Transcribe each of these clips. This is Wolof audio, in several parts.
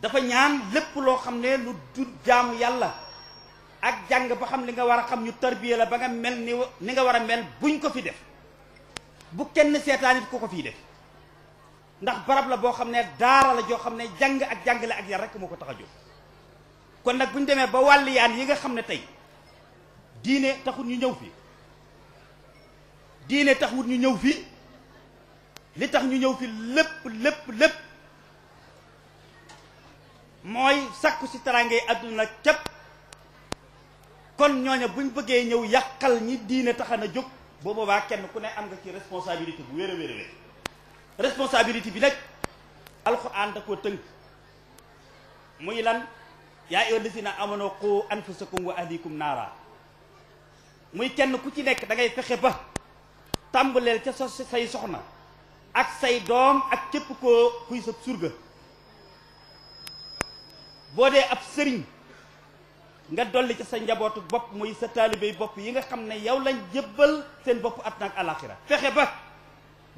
dafa ñaan lépp loo xam ne lu du jaamu yàlla ak jàng ba xam li nga war a xam ñu tarbiya la ba nga mel ni ni nga war a mel ñu ko fi def bu kenn seetaanit ku ko fii def ndax barab la boo xam ne daara la joo xam ne jàng ak jàngale ak yar rek moo ko tax a jóg kon nag bu ñu demee ba wàlliyaan yi nga xam ne tey diine taxul ñu ñëw fi diine taxul ñu ñëw fi li tax ñu ñëw fi lépp lépp lépp mooy sakku si taraangee adduna cap kon ñooña buñ bëggee ñëw yàqal ñi diine taxa na jóg boo boobaa kenn ku ne am nga ci responsabilité bu wér a wér responsabilité bi nag alxuraan da koo tënk muy lan yaa ayyuha llazina amanu an anfusakum wa ahlikum naara muy kenn ku ci nekk da ngay fexe ba tàmbaleel ca sa say soxna ak say doom ak képp koo kuy sa surga boo dee ab sëriñ nga dolli ca sa njabootu bopp muy sa taalibey bopp yi nga xam ne yow lañ jëbbal seen bopp at nag alaxira fexe ba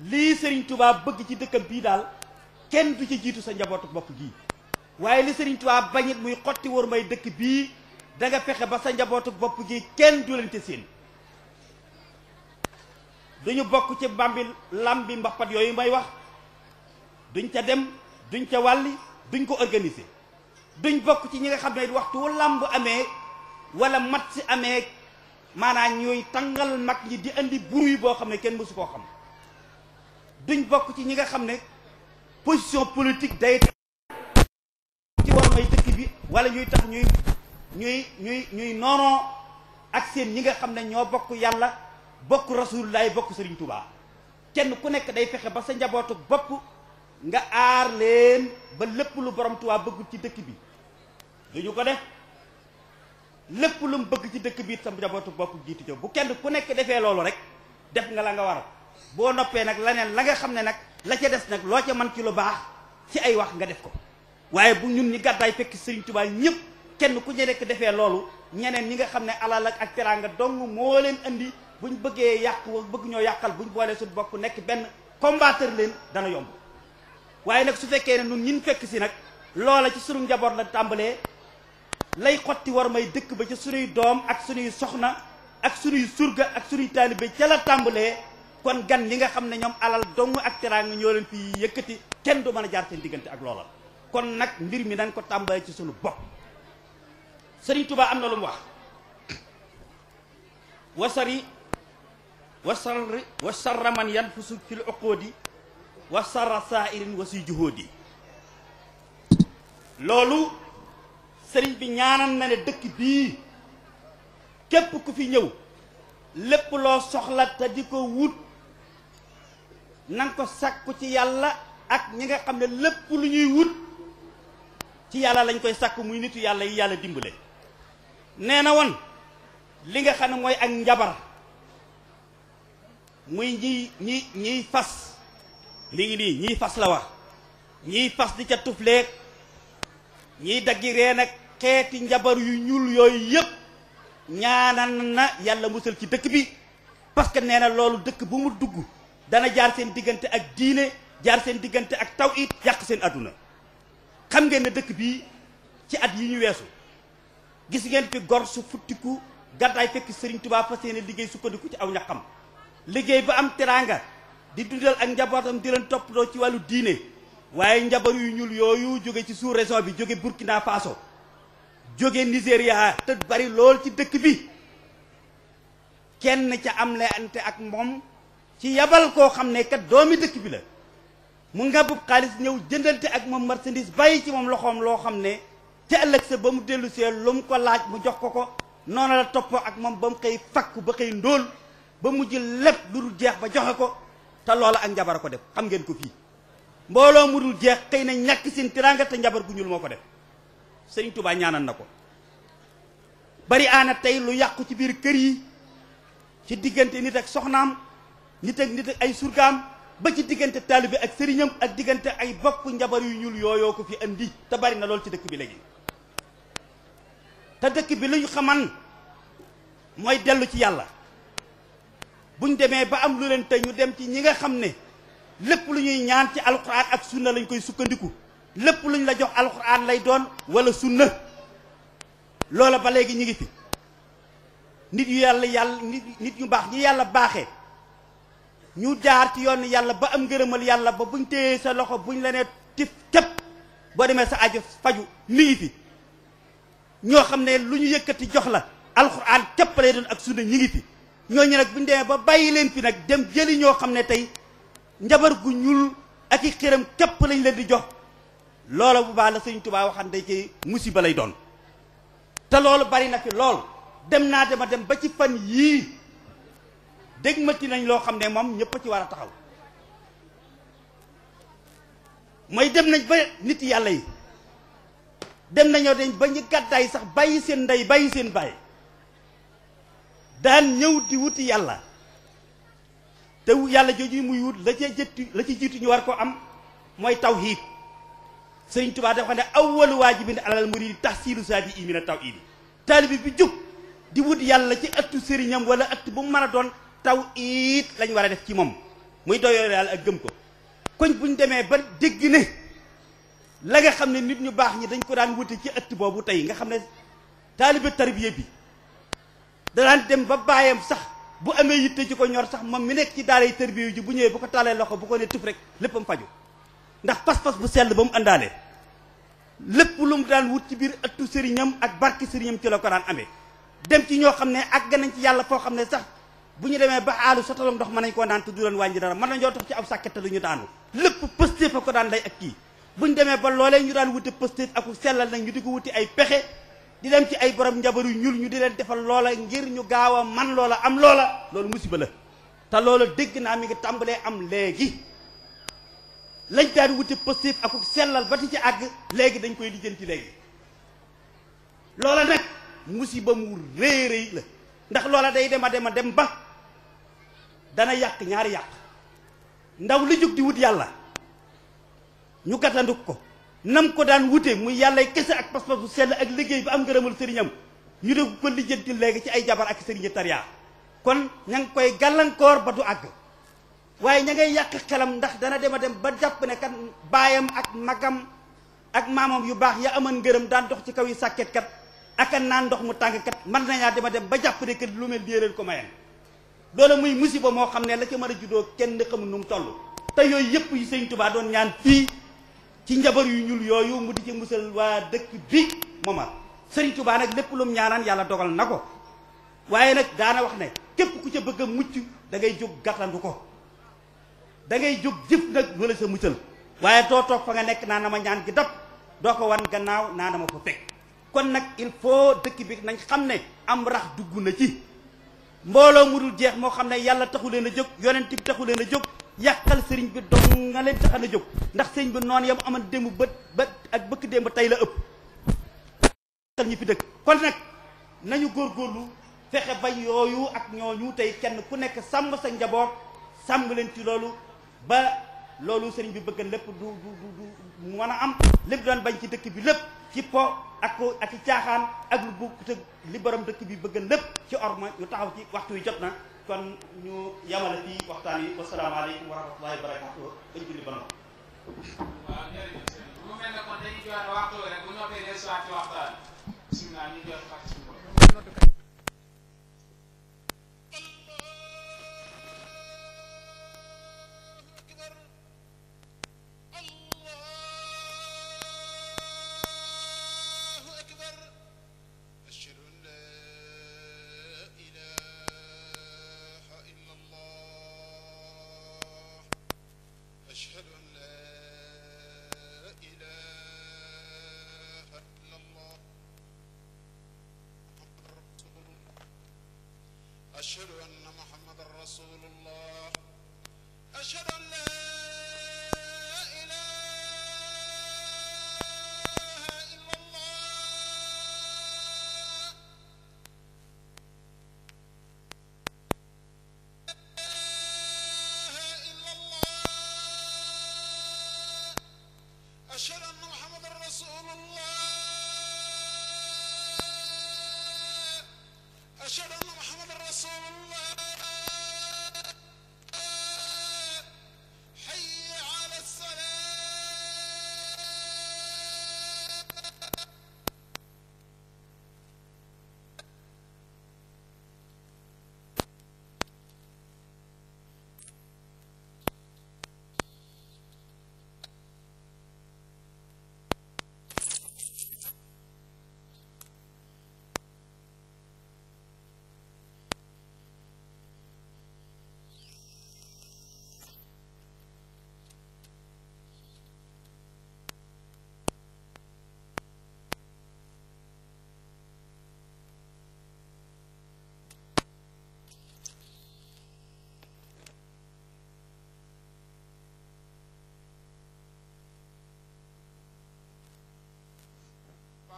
lii sëriñ tubaab bëgg ci dëkkam bii daal kenn du ci jiitu sa njabootu bopp gii waaye li sëriñ Touba bañit muy xotti war may dëkk bii da nga fexe ba sa njabootu bopp gi kenn du leen ci seen duñu bokk ci bambi làmbi mbapat yooyu may wax duñ ca dem duñ ca wàlli duñ ko organiser duñ bokk ci ñi nga xam ne waxtu làmb amee wala mat si amee maanaam ñooy tàngal mag ñi di andi bruit boo xam ne kenn mësu koo xam duñ bokk ci ñi nga xam ne position politique day ci war dëkk bi wala ñuy tax ñuy ñuy ñuy ñuy noonoo ak seen ñi nga xam ne ñoo bokk yàlla bokk rasulullaay bokk sëriñ tubaa kenn ku nekk day fexe ba sa njabootu bokk nga aar leen ba lépp lu borom tubaa bëggul ci dëkk bi duñu ko def lépp lu mu bëgg ci dëkk biir sa njabootu bopp jiitu ca bu kenn ku nekk defee loolu rek def nga la nga war a boo noppee nag leneen la nga xam ne nag la ca des nag loo ca man ci lu baax ci ay wax nga def ko waaye bu ñun ñi gàddaay fekk Sëriñ Tuubaa ñëpp kenn ku ci nekk defee loolu ñeneen ñi nga xam ne alal ak teraanga dong moo leen indi bu ñu bëggee yàq bëgg ñoo yàqal bu ñu boolee suñu bopp nekk benn combattre leen dana yomb waaye nag su fekkee ne ñun ñin fekk si nag loola ci sunu njaboot la tàmbalee lay xotti war may dëkk ba ca sunuy doom ak sunuy soxna ak sunuy surga ak sunuy taalibe ca la tàmbalee kon gan li nga xam ne ñoom alal dong ak teraanga ñoo leen fi yëkkati kenn du mën a jaar seen diggante ak loola kon nag mbir mi nañ ko tàmbalee ci sunu bopp sëriñ Tuubaa am na lu mu wax wasari wasarri wasarra man yanfusu fil uqudi loolu sëriñ bi ñaanal na ne dëkk bii képp ku fi ñëw lépp loo soxla te di ko wut nanga ko sàkku ci yàlla ak ñi nga xam ne lépp lu ñuy wut ci yàlla lañ koy sàkku muy nitu yàlla yi yàlla dimbale nee na woon li nga xam ne mooy ak njabar muy ñi ñi ñiy fas mi ngi nii ñiy fas la wax ñiy fas di ca tufleeg ñiy daggi reen ak xeeti njabar yu ñuul yooyu yëpp ñaanal na yàlla musal ci dëkk bi parce que nee na loolu dëkk bu mu dugg dana jaar seen diggante ak diine jaar seen diggante ak taw it yàq seen adduna xam ngeen ne dëkk bii ci at yi ñu weesu gis ngeen fi gor su futtiku gàddaay fekk sëriñ tubaab fas yéene liggéey sukkandiku ci aw ñaxam liggéey ba am teraanga di dundal ak njabootam di leen toppatoo ci wàllu diine waaye njabar yu ñuul yooyu jóge ci sous région bi jóge Burkina Faso jóge Nigéria te bari lool ci dëkk bi kenn ca am la ante ak moom ci yabal koo xam ne kat doomi dëkk bi la mu ngàbbub xaalis ñëw jëndante ak moom marchandise bàyyi ci moom loxoom loo xam ne ca ëllëg sa ba mu dellu see lu mu ko laaj mu jox ko ko noona la toppoo ak moom ba mu xëy fakk ba xëy ndóol ba mujj lépp lu dul jeex ba joxe ko te loola ak njabar ko def xam ngeen ko fii mbooloo mu dul jeex xëy na ñàkk seen tiraanga te njabar gu ñuul moo ko def sëriñ Touba ñaanal na ko bari aana tey lu yàqu ci biir kër yi ci diggante nit ak soxnaam nit ak nit ak ay surgaam ba ci diggante taalibe ak sëriñam ak diggante ay bopp njabar yu ñuul yooyoo ko fi indi te bari na lool ci dëkk bi léegi te dëkk bi xaman mooy dellu ci yàlla buñ demee ba am lu leen te ñu dem ci ñi nga xam ne lépp lu ñuy ñaan ci alquran ak sunna lañ koy sukkandiku lépp luñ la jox alquran lay doon wala sunna loola ba léegi ñu ngi fi nit yu yàlla yàlla nit nit ñu baax ñi yàlla baaxee ñu jaar ci yoon yàlla ba am ngërëmal yàlla ba buñ téyee sa loxo buñ la nee tif tëpp boo demee sa aju faju mi fi ñoo xam ne lu ñu yëkkati jox la alquran képp lay doon ak sunna ñi ngi fi ñooñu nag bu ñu demee ba bàyyi leen fi nag dem jëli ñoo xam ne tey njabar gu ñuul ak i xiram képp lañ leen di jox loolo bu baax la sëñ tubaa waxan day ci musiba lay doon te loolu bari na fi lool dem naa dema dem ba ci fan yii dégg ma ci nañ loo xam ne moom ñëpp a ci war a taxaw mooy dem nañ ba nit yàlla yi dem nañoo dañ ba ñu gàddaay sax bàyyi seen ndey bàyyi seen bàyyi daan ñëw di wuti yàlla te yàlla jooju muy wut la ca jëtti la ci jiitu ñu war ko am mooy taw tawhid sëriñ Tuubaa dafa ne awwalu waajibin alal muridi tahsilu saadi mina tawhid taalibi bi jóg di wut yàlla ci ëttu sëriñam wala ëtt bu mën a doon tawhid lañ war a def ci moom muy doyoo yàlla ak gëm ko koñ buñ demee ba dégg ne la nga xam ne nit ñu baax ñi dañ ko daan wute ci ëtt boobu tey nga xam ne taalibe tarbiya bi da daan dem ba bàyyam sax bu amee yitte ji ko ñor sax moom mi nekk ci daara yi ji bu ñëwee bu ko taalee loxo bu ko ne tuf rek léppam faju ndax pas-pas bu sell ba mu àndaale lépp lu mu daan wut ci biir ëttu sëriñam ak barki sëriñam ci la ko daan amee dem ci ñoo xam ne ak àgg nañ ci yàlla foo xam ne sax bu ñu demee ba aalu sotalum ndox mën nañ koo naan te du leen wàññi dara mën nañoo dox ci ab sàkkete lu ñu daanu lépp pëstéef fa ko daan lay ak kii bu ñu demee ba loolee ñu daan wuti pëstéef sellal nag ñu di wuti ay pexe di dem ci ay borom njabar yu ñuul ñu di leen defal loola ngir ñu gaaw man loola am loola loolu musiba la te loola dégg naa mi ngi tàmbalee am léegi lañ daal di wuti positif ak sellal ba ti ci àgg léegi dañ koy lijjanti léegi loola nag musiba mu rëy rëy la ndax loola day dema dema dem ba dana yàq ñaari yàq ndaw li jóg di wut yàlla ñu gàttanduk ko nam ko daan wute muy yàlla kese ak pas-pas bu sell ak liggéey bi am ngërëmal sëriñam ñu def ko lijjanti léegi ci ay jabar ak sëriñi tariyaa kon ña ngi koy gàllankoor ba du àgg waaye ña ngay yàq xelam ndax dana dem a dem ba jàpp ne kat baayam ak magam ak maamam yu baax ya amoon ngërëm daan dox ci kaw yi sàkketkat kat ak naan ndox mu tàng kat mën nañaa dem a dem ba jàpp ne kat lu mel déeréen ko mayen loola muy musiba moo xam ne la ca mën a juddoo kenn xamul nu mu toll yooyu yëpp yi sëñ ci njabar yu ñuul yooyu mu di ci musal waa dëkk bi Momar Sëriñ Tuubaa nag lépp lum ñaanaan yàlla dogal na ko waaye nag daana wax ne képp ku ci bëgg a mucc da ngay jóg gàttandu ko da ngay jóg jëf nag wala sa muccal waaye doo toog fa nga nekk naa na ma ñaan gi dab doo ko wan gannaaw naa na ma ko fekk kon nag il faut dëkk bi nañ xam ne am rax dugg na ci mbooloo mu dul jeex moo xam ne yàlla taxu leen a jóg yonent bi taxu leen a jóg yàqal sëriñ bi dong nga leen taxan jóg ndax sëriñ bi noonu yam amoon démb bët bët ak bëkk démb tey la ëpp yàqal ñi fi dëkk kon nag nañu góorgóorlu fexe bañ yooyu ak ñooñu tey kenn ku nekk sàmm sa njaboot sàmm leen ci loolu ba loolu sëriñ bi bëgg lépp du du du mën a am lépp doon bañ ci dëkk bi lépp ci po ak ak ci caaxaan ak lu bu li borom dëkk bi bëgg lépp ci orma yu taxaw ci waxtu yu jot na kon ñu yamale fii waxtaan yi wasalaamaaleykum wa rahmatullahi wa barakatuh bañ julli ba noppi واشهد ان محمدا رسول الله اشهد ان لا اله الا الله اله الا الله اشهد ان محمدا رسول الله اشهد ان رسول الله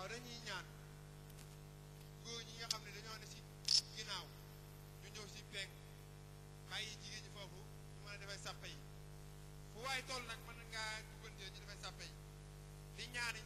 waaw dañuy ñaan góor ñi nga xam ne dañoo ne si ginnaaw ñu ñëw si penk bàyyi jigéen ñi foofu ñu mën a defay sàppe yi fu waaye toll nag mën ngaa duggantee ñu defay sàppe yi di ñaani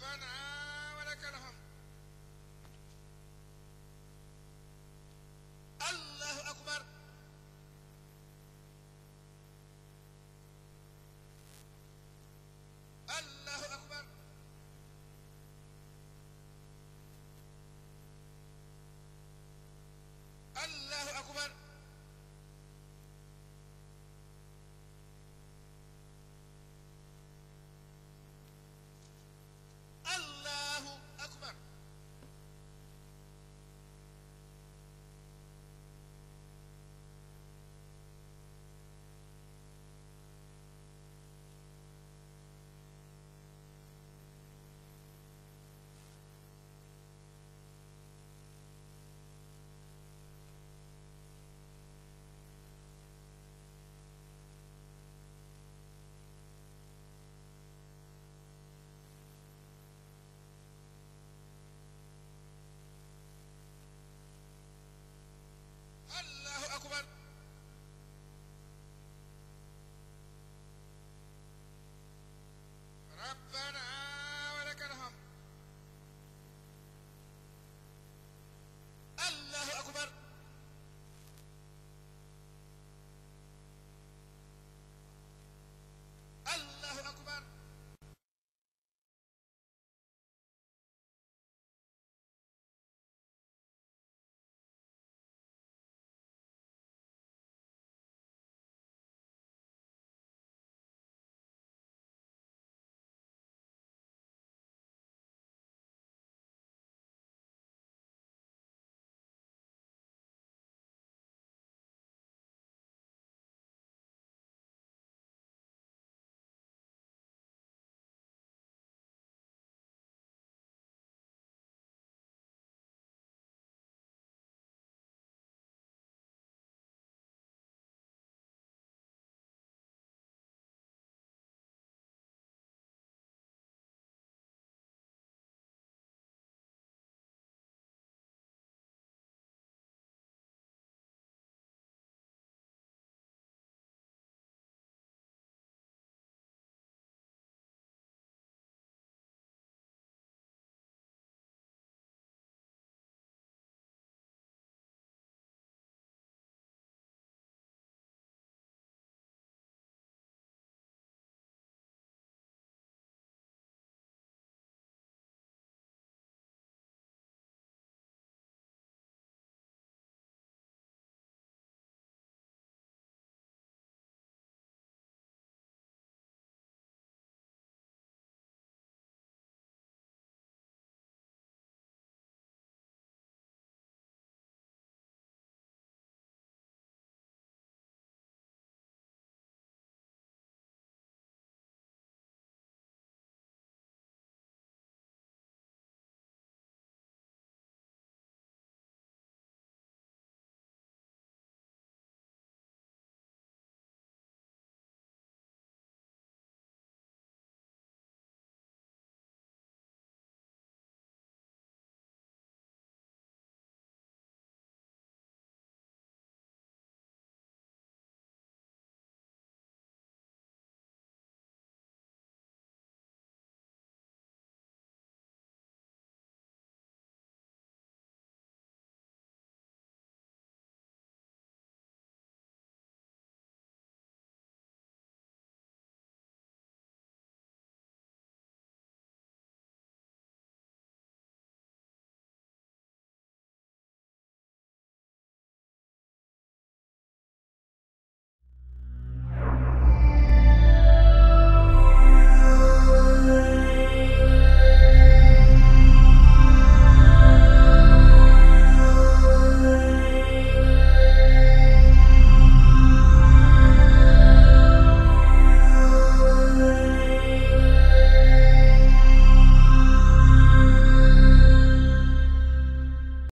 Happen.